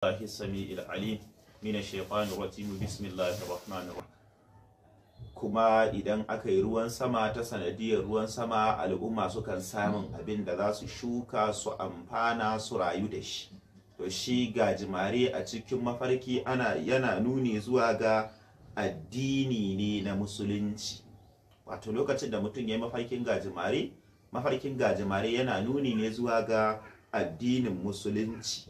الله السميع kuma idan aka yi ruwan sama ta sanadiyar ruwan sama al'umma sukan samun abin da za su shuka su amfana su rayu da shi to shi gajimare a cikin mafarki ana yana nuni zuwa ga addini da mutum ya yi mafarkin gajimare yana nuni ne zuwa ga addinin musulunci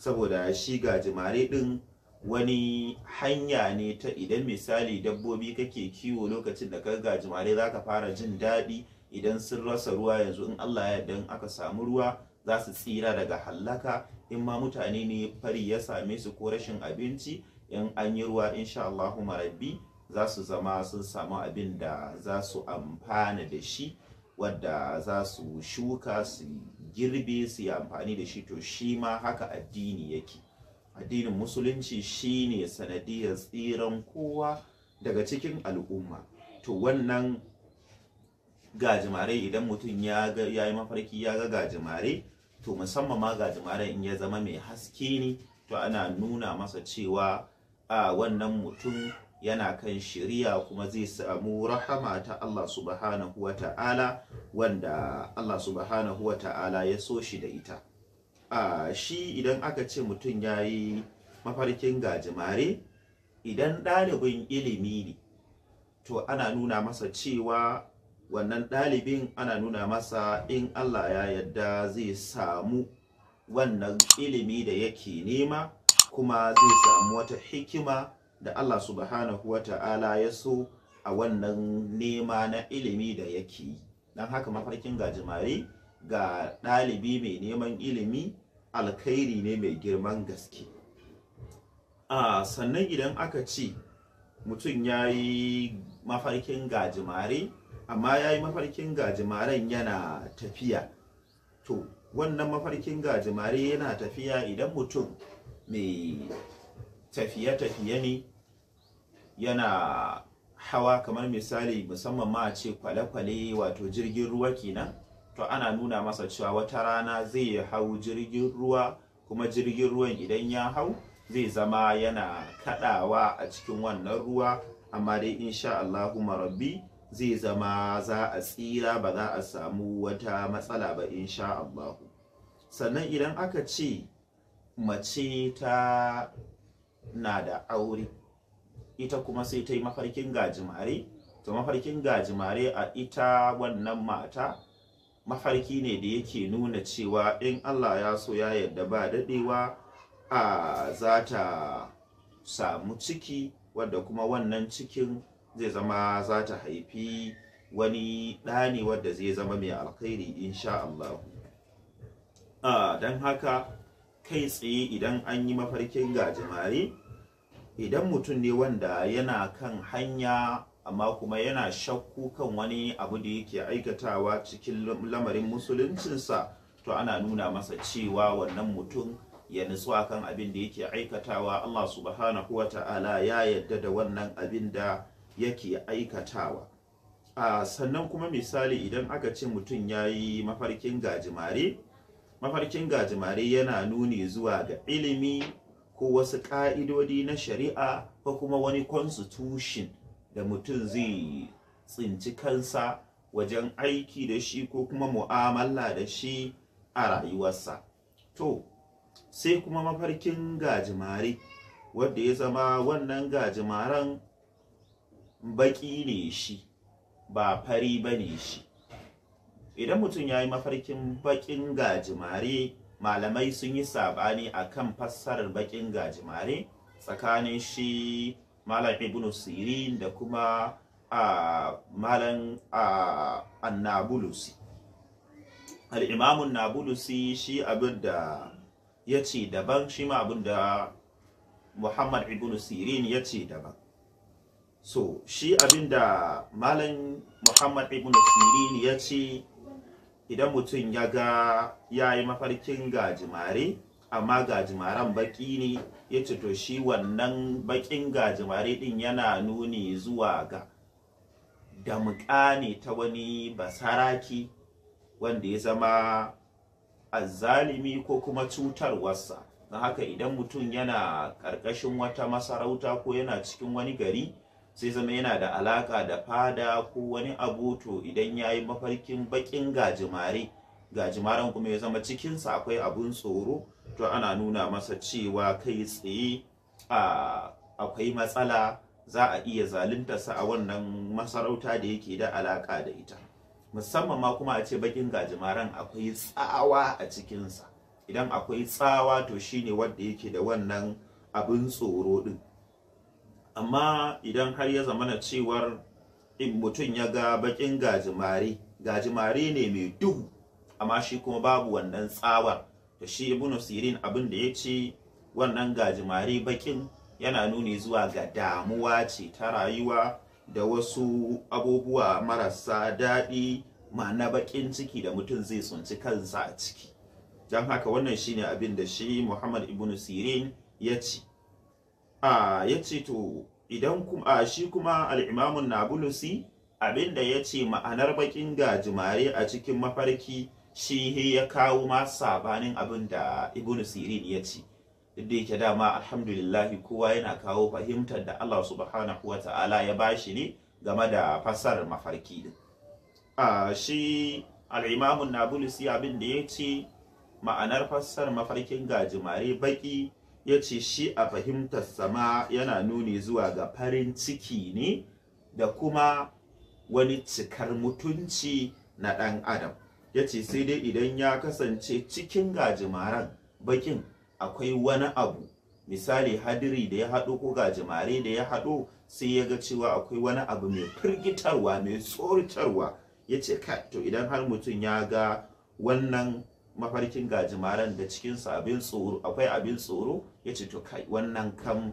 saboda shi gajimare ɗin wani hanya ne ta idan misali dabbobi kake kiwo lokacin da ka gajimare za ka fara jin daɗi idan sun rasa ruwa yanzu in Allah ya yarda aka samu ruwa za su tsira daga hallaka in ma mutane ne fari ya same su ko rashin abinci in an yi ruwa insha Allahu marabbi za su zama sun samu abin da za su amfana da shi wadda za su shuka su girbe su yi amfani da shi to shi ma haka addini yake addinin musulunci shi ne sanadiyar tsiran kowa daga cikin al'umma to wannan gajimare idan mutum ya yi mafarki ya ga gajimare to musamman ma gajimare in ya zama mai haske ne to ana nuna masa cewa a wannan mutum yana kan shiriya kuma zai samu rahama ta Allah subhanahu wa ta'ala wanda Allah subhanahu wa ta'ala ya so shi da ita a shi idan aka ce mutum ya yi mafarkin gajimare idan ɗalibin ilimi ne to ana nuna masa cewa wannan ɗalibin ana nuna masa in Allah ya yadda zai samu wannan ilimi da yake nema kuma zai samu wata hikima da Allah subhanahu wa ta'ala ya so a wannan nema na ilimi da yake yi don haka mafarkin gajimare ga ɗalibi mai neman ilimi alkhairi ne mai girman gaske a sannan idan aka ce mutum ya yi mafarkin gajimare amma ya yi mafarkin gajimaren yana tafiya to wannan mafarkin gajimare yana tafiya idan mutum mai tafiye-tafiye ne yana hawa kamar misali musamman ma ce kwale-kwale wato jirgin ruwa kenan to ana nuna masa cewa wata rana zai hau jirgin ruwa kuma jirgin ruwan idan ya hau zai zama yana kadawa a cikin wannan ruwa amma dai insha Allah rabbi zai zama za a tsira ba za a samu wata matsala ba insha Allah sannan idan aka ce mace ta na da aure ita kuma sai ta yi mafarkin gajimare to mafarkin gajimare a ita wannan mata mafarki ne da yake nuna cewa in Allah ya so ya yarda ba daɗewa a za ta samu ciki wadda kuma wannan cikin zai zama za ta haifi wani ɗani wadda zai zama mai alkhairi insha Allah don haka kai tsaye idan an yi mafarkin gajimare idan mutum ne wanda yana kan hanya amma kuma yana shakku kan wani abu da yake aikatawa cikin lamarin musuluncinsa to ana nuna masa cewa wannan mutum ya nutsuwa kan abin da yake aikatawa Allah subhanahu wa ta'ala ya yadda da wannan abin da yake aikatawa a sannan kuma misali idan aka ce mutum ya yi mafarkin gajimare mafarkin gajimare yana nuni zuwa ga ilimi ko wasu ƙa'idodi na shari'a ko kuma wani constitution da mutum zai tsinci kansa wajen aiki da shi ko kuma mu'amala da shi a rayuwarsa to sai kuma mafarkin gajimare wadda ya zama wannan gajimaren baƙi ne shi ba fari ba ne shi idan mutum ya yi mafarkin baƙin gajimare malamai sun yi sabani a kan fassarar bakin gajimare tsakanin shi malam ibn sirin da kuma malam annabulusi al'imamun nabulusi shi abin da ya ce daban shi ma abin da muhammad ibn sirin ya ce daban so shi abin da malam muhammad ibn sirin ya ce idan mutum ya ga ya yi mafarkin gajimare amma gajimaren baki ne ya ce to shi wannan bakin gajimare din yana nuni zuwa ga da ne ta wani basaraki wanda ya zama azalimi ko kuma cutarwarsa na haka idan mutum yana ƙarƙashin wata masarauta ko yana cikin wani gari sai zama yana da alaka da fada ko wani abu to idan ya yi mafarkin bakin gajimare gajimaren kuma ya zama cikinsa akwai abun tsoro to ana nuna masa cewa kai tsaye akwai matsala za a iya sa a wannan masarauta da yake da alaka da ita musamman ma kuma a ce bakin gajimaren akwai tsawa a cikinsa idan akwai tsawa to shine wanda yake da wannan abin tsoro din amma idan har ya zamana cewar in mutum ya ga bakin gajimare gajimare ne mai duhu amma shi kuma babu wannan tsawar da shi ibnu sirin abin da ya ce wannan gajimare bakin yana nuni zuwa ga damuwa ce ta rayuwa da wasu abubuwa marasa daɗi ma'ana bakin ciki da mutum zai tsunci kansa a ciki don haka wannan shine abin da shi muhammad ibnu sirin ya ce a ya ce to idan kuma shi kuma al'imamun nabulusi abinda ya ce ma'anar bakin gajimare a cikin mafarki shi ya kawo ma sabanin abin da Ibn sirin ya ce da yake dama alhamdulillahi kowa yana kawo fahimtar da Allah subhanahu wa ta'ala ya shi ne game da fasar mafarki din a shi al'imamun nabulusi abin da ya ce ma'anar fasar mafarkin gajimare baƙi. ya ce shi a fahimtar sama yana nuni zuwa ga farin ciki ne da kuma wani cikar mutunci na ɗan adam ya ce sai dai idan ya kasance cikin gajimaren bakin akwai wani abu misali hadiri da ya haɗo ko gajimare da ya haɗo sai ya ga cewa akwai wani abu mai firgitarwa mai tsoritarwa ya ce to idan har mutum ya ga wannan mafarkin gajimaren da cikin abin tsoro akwai abin tsoro ya to kai wannan kam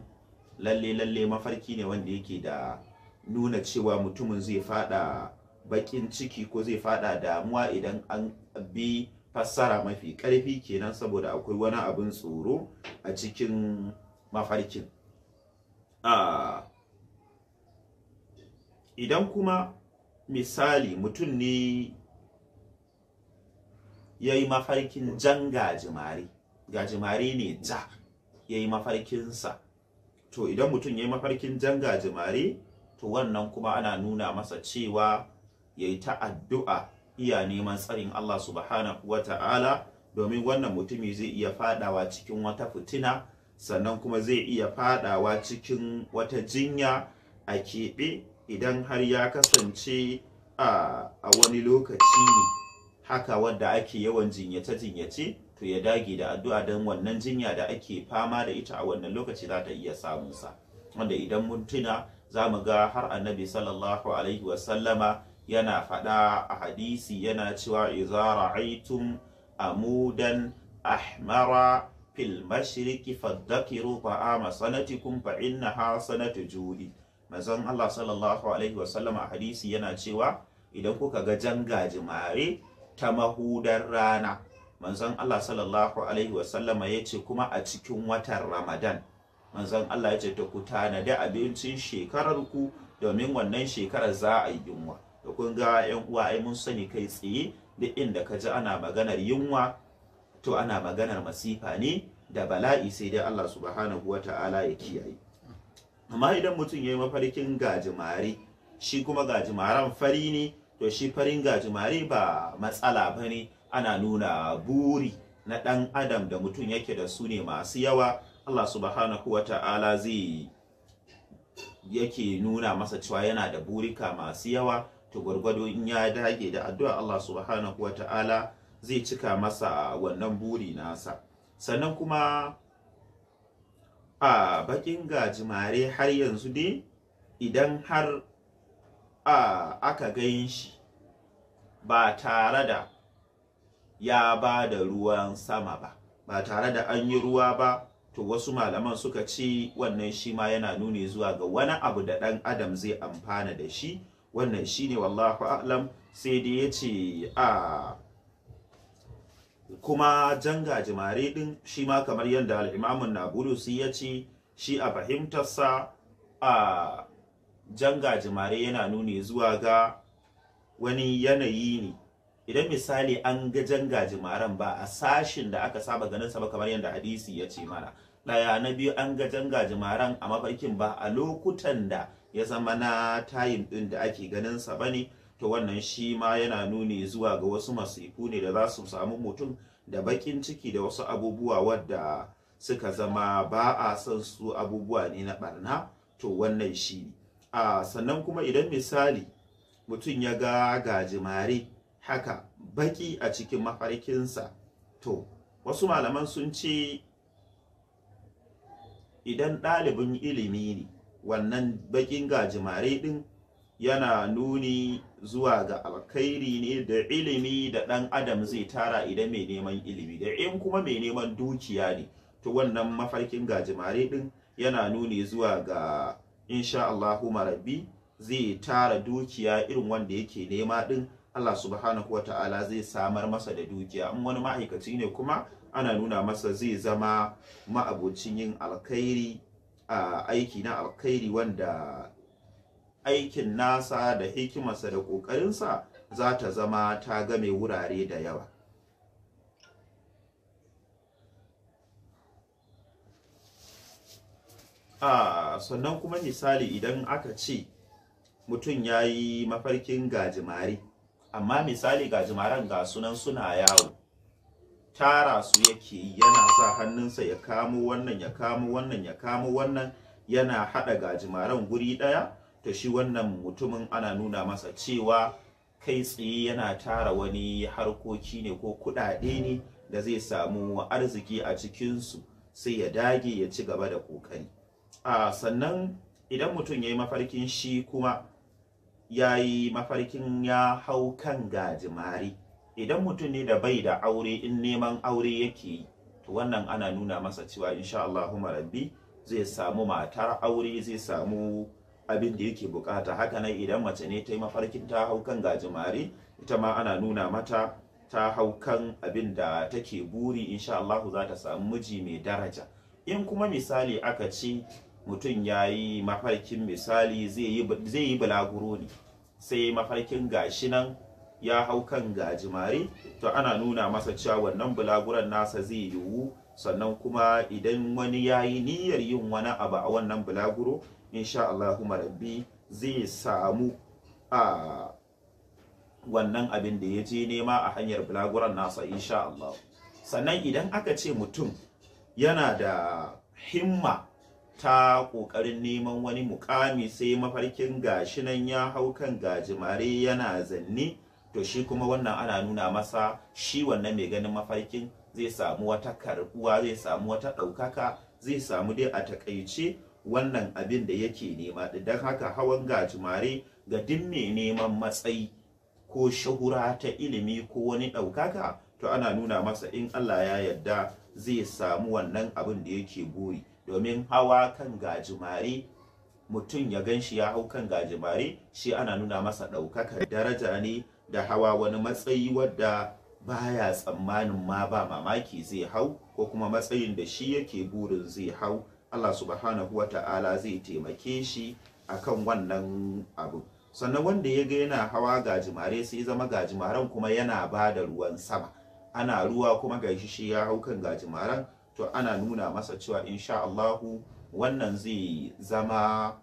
lalle lalle mafarki ne wanda yake da nuna cewa mutumin zai fada bakin ciki ko zai fada damuwa idan an bi fassara mafi karfi kenan saboda akwai wani abin tsoro a cikin mafarkin idan kuma misali mutum ne ya yi mafarkin jan gajimare gajimare ne ja ya yi mafarkinsa to idan mutum ya yi mafarkin jan gajimare to wannan kuma ana nuna masa cewa ya yi ta'addu'a iya neman tsarin Allah subhanahu wa ta'ala domin wannan mutumi zai iya fadawa cikin wata fitina sannan kuma zai iya fadawa cikin wata jinya a keɓe idan har ya kasance a wani lokaci ne haka wadda ake yawan jinyace-jinyace to ya dage da addu'a don wannan jinya da ake fama da ita a wannan lokaci za ta iya samunsa wanda idan mun tuna za mu ga har annabi sallallahu alaihi wasallama yana faɗa a hadisi yana cewa izara aitum amudan ahmara fil mashriqi faddakiru ta'ama sanatikum fa innaha sanatu juli manzon Allah sallallahu alaihi wasallama a hadisi yana cewa idan kuka ga jan gajimare ta mahudar rana manzon Allah sallallahu alaihi wasallama ya ce kuma a cikin watan ramadan manzon Allah yace ta ku tanadi abincin shekarar ku domin wannan shekarar za a yi yunwa da kun ga yan uwa ai mun sani kai tsaye duk inda ka ji ana maganar yunwa to ana maganar masifa ne da bala'i sai dai Allah subhanahu wa ta'ala ya kiyaye amma idan mutum ya yi mafarkin gajimare shi kuma gajimaren fari ne to shi farin gajimare ba matsala ba ne ana nuna buri na ɗan adam da mutum yake da su ne masu yawa Allah subhanahu wa ta'ala zai yake nuna masa cewa yana da burika masu yawa to gwargwado in ya dage da addu'a Allah subhanahu wa ta'ala zai cika masa wannan buri nasa sannan kuma a bakin gajimare har yanzu dai idan har a aka gan shi ba tare da ya ba da ruwan sama ba ba tare da an yi ruwa ba to wasu malaman suka ce wannan shi ma yana nuni zuwa ga wani abu da ɗan adam zai amfana da shi wannan shi ne wallahu a'lam sai dai ya ce a kuma janga jimare ɗin shi ma kamar yadda al'imamun na bulusi ya ce shi a fahimtarsa a jan gajimare yana nuni zuwa ga wani yanayi ne idan misali an ga jan gajimaren ba a sashin da aka saba ganin sa ba kamar yadda hadisi ya ce mana daya na biyu an ga jan gajimaren a mafarkin ba a lokutan da ya zama na tayin din da ake ganin sa ba ne to wannan shi ma yana nuni zuwa ga wasu masifu ne da za su samu mutum da bakin ciki da wasu abubuwa wadda suka zama ba a son su abubuwa ne na barna to wannan shi ne a sannan kuma idan misali mutum ya ga gajimare haka baki a cikin mafarkinsa to wasu malaman sun ce idan ɗalibin ilimi ne wannan bakin gajimare ɗin yana nuni zuwa ga alkhairi ne da ilimi da ɗan adam zai tara idan mai neman ilimi da in kuma mai neman dukiya ne to wannan mafarkin gajimare ɗin yana nuni zuwa ga insha Allahu marabbi zai tara dukiya irin wanda yake nema din Allah subhanahu wa ta'ala zai samar masa da dukiya in wani ma'aikaci ne kuma ana nuna masa zai zama ma'abocin yin alkhairi a aiki na alkhairi wanda aikin nasa da hikimarsa da kokarinsa za ta zama ta game wurare da yawa a sannan kuma misali idan aka ce mutum ya yi mafarkin gajimare amma misali gajimaren ga sunan suna yawo tara su yake yana sa hannunsa ya kamo wannan ya kamo wannan ya kamo wannan yana haɗa gajimaren guri ɗaya ta shi wannan mutumin ana nuna masa cewa kai tsaye yana tara wani harkoki ne ko kuɗaɗe ne da zai samu arziki a cikinsu sai ya dage ya ci gaba da ƙoƙari a sannan idan mutum ya yi mafarkin shi kuma ya yi mafarkin ya hau kan gajimari idan mutum ne da bai da aure in neman aure yake yi to wannan ana nuna masa cewa insha Allahu rabbi zai samu matar aure zai samu abin da yake bukata haka nan idan mace ne ta yi mafarkin ta hau kan gajimare ita ma ana nuna mata ta hau kan abin da take buri insha Allahu za ta samu miji mai daraja in kuma misali aka ce mutum ya yi mafarkin misali zai yi bulaguro ne sai mafarkin gashi nan ya hau kan gajimare to ana nuna masa cewa wannan bulaguron nasa zai yiwu sannan kuma idan wani ya yi niyyar yin wani abu a wannan bulaguro insha Allah rabbi zai samu a wannan abin da ya je nema a hanyar bulaguron nasa insha Allah sannan idan aka ce mutum yana da himma ta ƙoƙarin neman wani mukami sai mafarkin gashi nan ya hau kan gajimare yana zanni to shi kuma wannan ana nuna masa shi wannan mai ganin mafarkin zai samu wata karbuwa zai samu wata ɗaukaka zai samu dai a takaice wannan abin da yake nema don haka hawan gajimare ga duk mai neman matsayi ko shahura ta ilimi ko wani ɗaukaka to ana nuna masa in Allah ya yarda zai samu wannan abin da yake buri domin hawa kan gajimare mutum ya gan shi ya hau kan gajimare shi ana nuna masa ɗaukakar daraja ne da hawa wani matsayi wadda baya tsammanin ma ba mamaki zai hau ko kuma matsayin da shi yake burin zai hau Allah subhanahu wa ta'ala zai taimake shi akan wannan abu sannan wanda ya ga yana hawa gajimare sai zama gajimaren kuma yana ba da ruwan sama ana ruwa kuma gashi shi ya hau kan gajimaren to ana nuna masa cewa insha Allahu wannan zai zama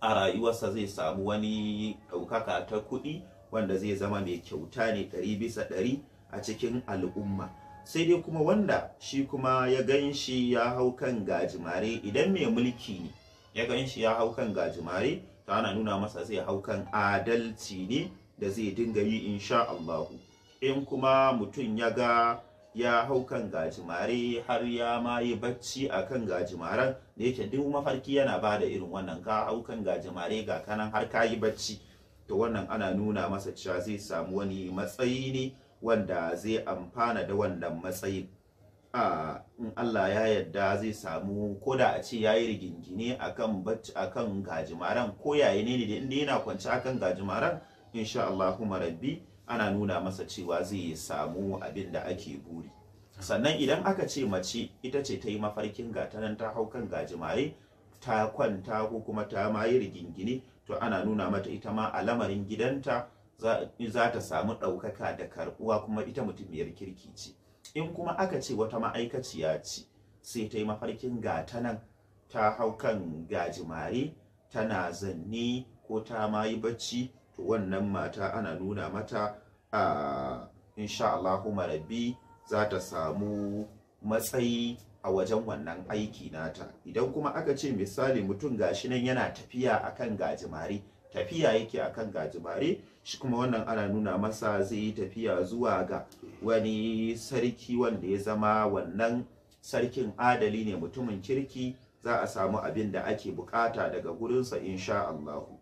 a rayuwarsa zai samu wani ɗaukaka ta kuɗi wanda zai zama mai kyauta ne ɗari bisa ɗari a cikin al'umma sai dai kuma wanda shi kuma ya gan shi ya hau kan gajimare idan mai mulki ne ya gan shi ya hau kan gajimare ta ana nuna masa zai hau kan adalci ne da zai dinga yi insha Allahu in kuma mutum ya ga ya hau kan gajimare har ya ma yi bacci a kan gajimaren da yake duk mafarki yana ba da irin wannan ka hau kan gajimare ga kanan har ka yi bacci to wannan ana nuna masa cewa zai samu wani matsayi ne wanda zai amfana da wannan matsayi? a in Allah ya yarda zai samu ko da a ce yayi rigingine akan bacci akan gajimaren ko yayi ne da inda yana kwance akan gajimaren insha Allahumma rabbi ana nuna masa cewa zai samu abin da ake buri sannan idan aka ce mace ita ce ta yi mafarkin gatanan ta hau kan gajimare ta kwanta ko kuma ta mayi rigingine to ana nuna mata ita ma a lamarin gidanta za ta samu ɗaukaka da karɓuwa kuma ita mutumiyar kirki ce in kuma aka ce wata ma'aikaciya ce sai ta yi mafarkin gatanan ta hau kan gajimare tana zanne ko ta mayi bacci to wannan mata ana nuna mata a insha Allahu za ta samu matsayi a wajen wannan aiki nata idan kuma aka ce misali mutum gashi nan yana tafiya akan gajimare tafiya yake akan gajimare shi kuma wannan ana nuna masa zai yi tafiya zuwa ga wani sarki wanda ya zama wannan sarkin adali ne mutumin kirki za a samu abin da ake bukata daga gurinsa insha Allahu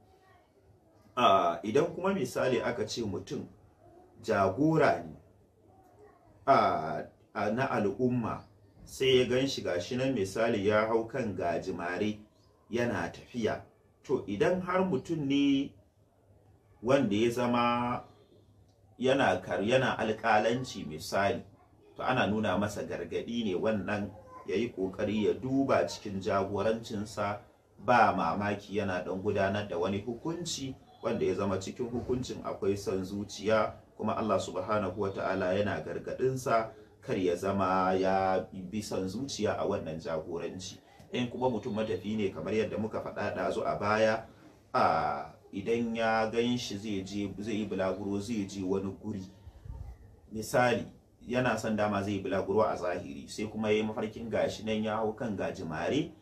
idan kuma misali aka ce mutum jagora ne na al'umma sai ya gan shi gashi nan misali ya hau kan gajimare yana tafiya to idan har mutum ne wanda ya zama yana kar yana alƙalanci misali to ana nuna masa gargaɗi ne wannan ya yi ƙoƙari ya duba cikin jagorancinsa ba mamaki yana ɗan gudanar da wani hukunci wanda ya zama cikin hukuncin akwai son zuciya kuma Allah subhanahu wa ta'ala yana gargadinsa kar ya zama ya bi son zuciya a wannan jagoranci in kuma mutum matafi ne kamar yadda muka faɗa ɗazu a baya a idan ya gan shi zai yi bulaguro zai je wani guri misali yana son dama zai bulaguro a zahiri sai kuma ya yi mafarkin gashi nan ya hau kan gajimare